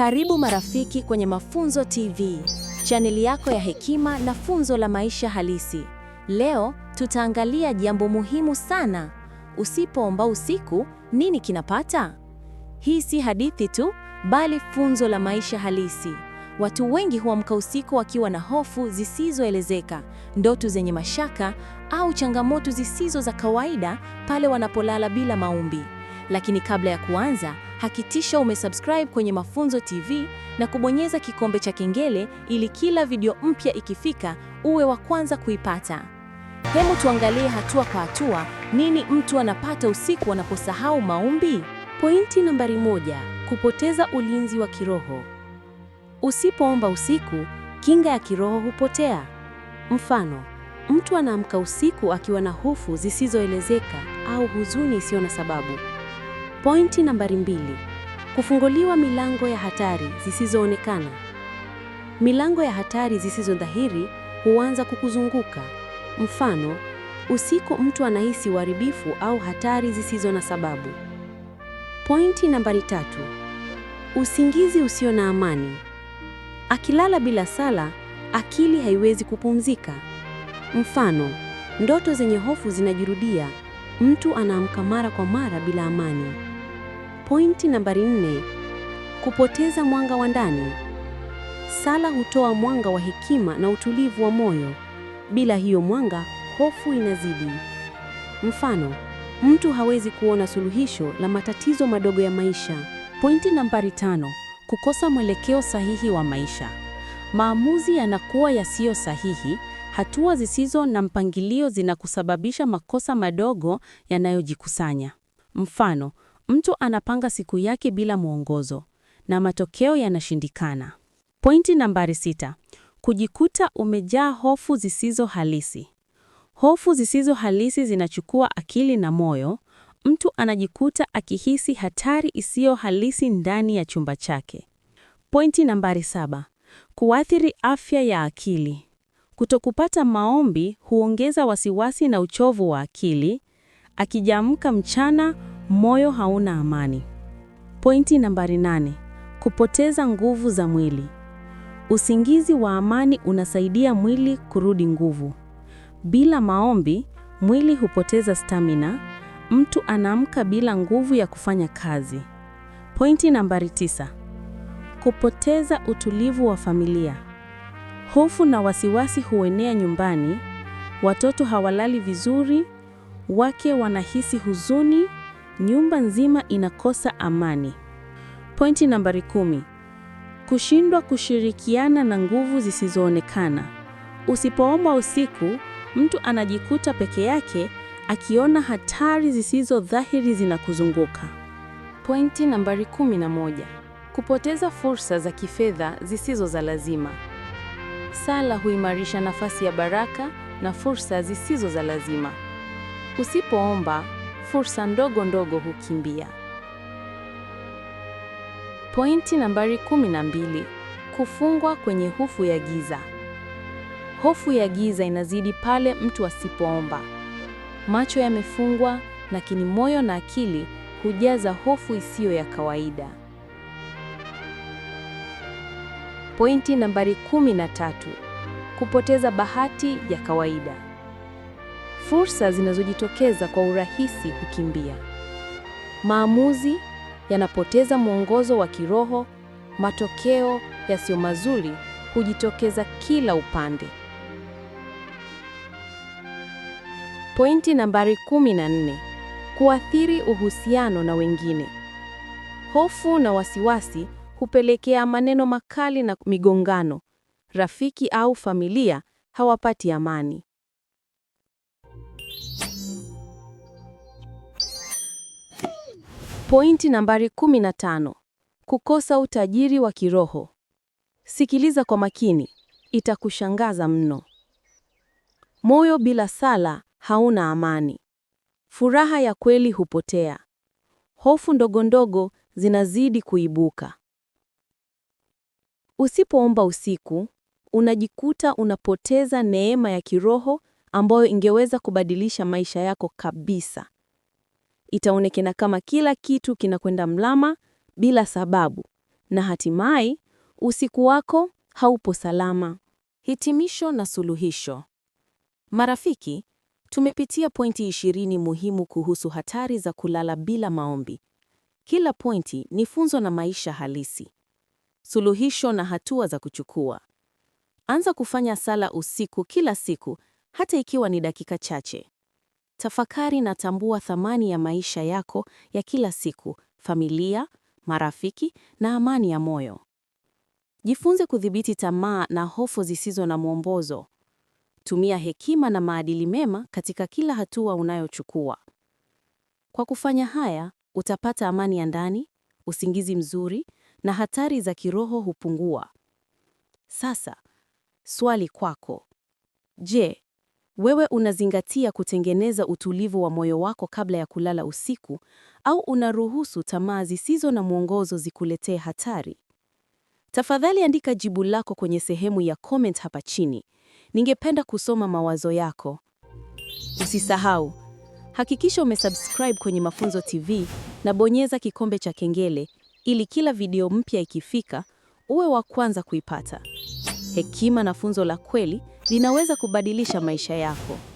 Karibu marafiki kwenye Mafunzo TV, chaneli yako ya hekima na funzo la maisha halisi. Leo tutaangalia jambo muhimu sana: usipoomba usiku, nini kinapata? Hii si hadithi tu, bali funzo la maisha halisi. Watu wengi huamka usiku wakiwa na hofu zisizoelezeka, ndoto zenye mashaka, au changamoto zisizo za kawaida pale wanapolala bila maombi. Lakini kabla ya kuanza Hakikisha umesubscribe kwenye Mafunzo TV na kubonyeza kikombe cha kengele ili kila video mpya ikifika uwe wa kwanza kuipata. Hebu tuangalie hatua kwa hatua nini mtu anapata usiku anaposahau maombi. Pointi nambari moja: kupoteza ulinzi wa kiroho. Usipoomba usiku, kinga ya kiroho hupotea. Mfano, mtu anaamka usiku akiwa na hofu zisizoelezeka au huzuni isiyo na sababu. Pointi nambari mbili: kufunguliwa milango ya hatari zisizoonekana. Milango ya hatari zisizo dhahiri huanza kukuzunguka. Mfano, usiku mtu anahisi uharibifu au hatari zisizo na sababu. Pointi nambari tatu: usingizi usio na amani. Akilala bila sala, akili haiwezi kupumzika. Mfano, ndoto zenye hofu zinajirudia, mtu anaamka mara kwa mara bila amani. Pointi nambari nne: kupoteza mwanga wa ndani. Sala hutoa mwanga wa hekima na utulivu wa moyo. Bila hiyo mwanga, hofu inazidi. Mfano, mtu hawezi kuona suluhisho la matatizo madogo ya maisha. Pointi nambari tano: kukosa mwelekeo sahihi wa maisha. Maamuzi yanakuwa yasiyo sahihi, hatua zisizo na mpangilio zinakusababisha makosa madogo yanayojikusanya. Mfano, Mtu anapanga siku yake bila mwongozo na matokeo yanashindikana. Pointi nambari sita: kujikuta umejaa hofu zisizo halisi. Hofu zisizo halisi zinachukua akili na moyo. Mtu anajikuta akihisi hatari isiyo halisi ndani ya chumba chake. Pointi nambari saba: kuathiri afya ya akili. Kutokupata maombi huongeza wasiwasi na uchovu wa akili. Akijamka mchana moyo hauna amani. Pointi nambari nane: kupoteza nguvu za mwili. Usingizi wa amani unasaidia mwili kurudi nguvu. Bila maombi, mwili hupoteza stamina, mtu anaamka bila nguvu ya kufanya kazi. Pointi nambari tisa: kupoteza utulivu wa familia. Hofu na wasiwasi huenea nyumbani, watoto hawalali vizuri, wake wanahisi huzuni nyumba nzima inakosa amani. Pointi nambari kumi: kushindwa kushirikiana na nguvu zisizoonekana. Usipoomba usiku, mtu anajikuta peke yake akiona hatari zisizo dhahiri zinakuzunguka. Pointi nambari kumi na moja: kupoteza fursa za kifedha zisizo za lazima. Sala huimarisha nafasi ya baraka na fursa zisizo za lazima. Usipoomba fursa ndogo ndogo hukimbia. Pointi nambari 12: kufungwa kwenye hofu ya giza. Hofu ya giza inazidi pale mtu asipoomba. Macho yamefungwa, lakini moyo na akili hujaza hofu isiyo ya kawaida. Pointi nambari 13: kupoteza bahati ya kawaida fursa zinazojitokeza kwa urahisi hukimbia. Maamuzi yanapoteza mwongozo wa kiroho, matokeo yasiyo mazuri hujitokeza kila upande. Pointi nambari 14: kuathiri uhusiano na wengine. Hofu na wasiwasi hupelekea maneno makali na migongano. Rafiki au familia hawapati amani. Pointi nambari 15: kukosa utajiri wa kiroho. Sikiliza kwa makini, itakushangaza mno. Moyo bila sala hauna amani, furaha ya kweli hupotea, hofu ndogo ndogo zinazidi kuibuka. Usipoomba usiku, unajikuta unapoteza neema ya kiroho ambayo ingeweza kubadilisha maisha yako kabisa itaonekana kama kila kitu kinakwenda mlama bila sababu, na hatimaye usiku wako haupo salama. Hitimisho na suluhisho. Marafiki, tumepitia pointi ishirini muhimu kuhusu hatari za kulala bila maombi. Kila pointi ni funzo na maisha halisi. Suluhisho na hatua za kuchukua. Anza kufanya sala usiku kila siku, hata ikiwa ni dakika chache. Tafakari na tambua thamani ya maisha yako ya kila siku, familia, marafiki na amani ya moyo. Jifunze kudhibiti tamaa na hofu zisizo na mwongozo. Tumia hekima na maadili mema katika kila hatua unayochukua. Kwa kufanya haya, utapata amani ya ndani, usingizi mzuri na hatari za kiroho hupungua. Sasa, swali kwako. Je, wewe unazingatia kutengeneza utulivu wa moyo wako kabla ya kulala usiku, au unaruhusu tamaa zisizo na mwongozo zikuletee hatari? Tafadhali andika jibu lako kwenye sehemu ya comment hapa chini. Ningependa kusoma mawazo yako. Usisahau, hakikisha umesubscribe kwenye Mafunzo TV na bonyeza kikombe cha kengele ili kila video mpya ikifika uwe wa kwanza kuipata. Hekima na funzo la kweli linaweza kubadilisha maisha yako.